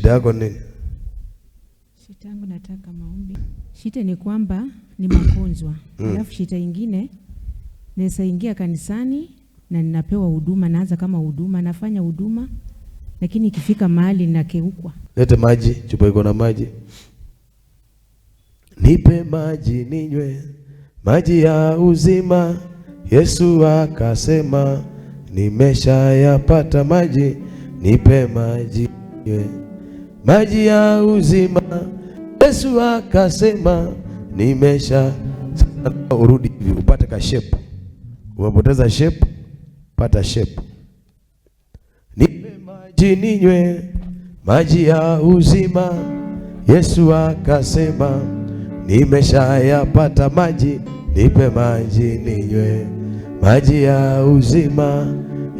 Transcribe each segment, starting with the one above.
Shida yako nini? Shida yangu nataka maombi. Shida ni kwamba ni magonjwa. Mm. Alafu shida nyingine naweza ingia kanisani na ninapewa huduma, naanza kama huduma, nafanya huduma lakini ikifika mahali nakeukwa. Lete maji, chupa iko na maji. Nipe maji ninywe, maji ya uzima. Yesu akasema nimeshayapata maji, nipe maji ninywe maji ya uzima. Yesu akasema nimesha. urudi hivi upate ka shape, umepoteza shape, pata shape. Nipe maji ninywe, maji ya uzima. Yesu akasema nimeshayapata maji, nipe maji ninywe, maji ya uzima.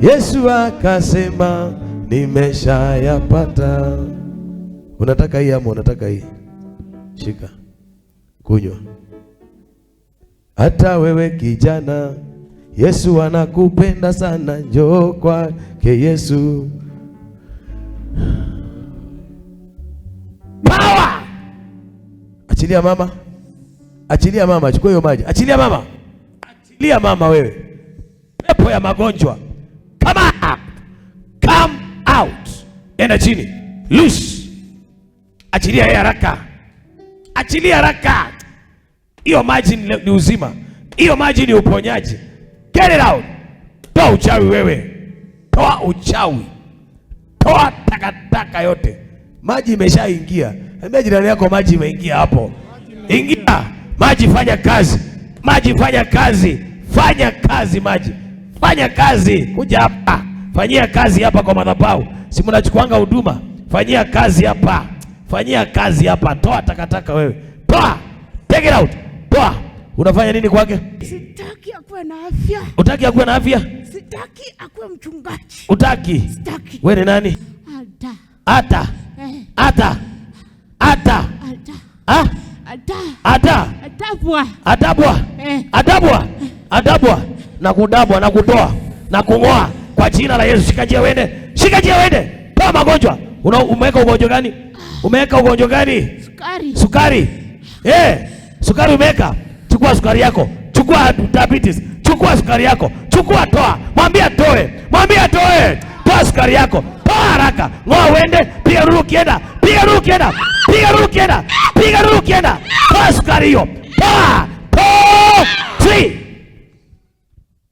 Yesu akasema nimeshayapata Unataka hii ama unataka hii? Shika, kunywa. Hata wewe kijana, Yesu anakupenda sana, njoo kwake Yesu. Power! Achilia mama, achilia mama, achukua hiyo maji, achilia mama, achilia mama, wewe pepo ya magonjwa, come out, come out, enda chini, loose achilia yeye haraka, achilia haraka. Hiyo maji ni uzima, hiyo maji ni uponyaji. Get it out. Toa uchawi wewe, toa uchawi, toa takataka yote. Maji imeshaingia. Ambia jirani yako, maji imeingia hapo. Ingia maji, fanya kazi maji, fanya kazi, fanya kazi maji, fanya kazi, kuja hapa, fanyia kazi hapa kwa madhabahu. Si mnachukuanga huduma? Fanyia kazi hapa fanyia kazi hapa, toa takataka wewe, toa, take it out, toa. Unafanya nini kwake? Sitaki akuwe na afya. Utaki akuwe na afya? Sitaki akuwe mchungaji. Utaki? Sitaki. Wewe ni nani? Ata. Ata. Eh. Ata. Ata. Ata. Ha? Ata. Ata. Atabwa. Atabwa. Eh. Atabwa. Atabwa. Na kudabwa na kutoa na kung'oa kwa jina la Yesu, shika njia uende. Shika njia uende toa magonjwa. Una Umeweka ugonjwa gani? Umeweka ugonjwa gani? Sukari. Sukari. Eh, sukari umeweka. Chukua sukari yako. Chukua diabetes. Chukua sukari yako. Chukua toa. Mwambie toe. Mwambie toe. Toa sukari yako. Toa haraka. Ngoa uende, piga ruru kienda. Piga ruru kienda. Piga ruru kienda. Piga ruru kienda. Toa sukari hiyo. Toa. Toa. Three.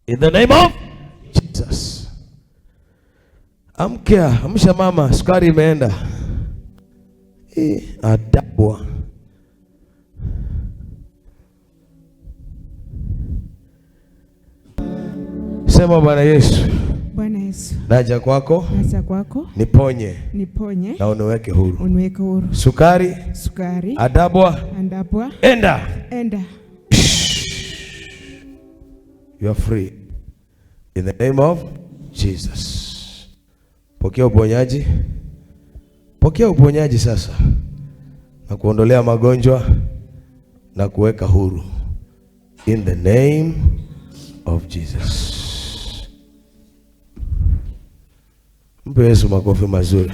In the name of Amkia, amsha mama, sukari imeenda. Eh, adabwa. Sema Bwana Yesu. Bwana Yesu. Naja kwako. Naja kwako. Niponye. Niponye. Na uniweke huru. Uniweke huru. Sukari. Sukari. Adabwa. Adabwa. Enda. Enda. You are free. In the name of Jesus. Pokea uponyaji, pokea uponyaji sasa, na kuondolea magonjwa na kuweka huru, in the name of Jesus. Mpe Yesu makofi mazuri.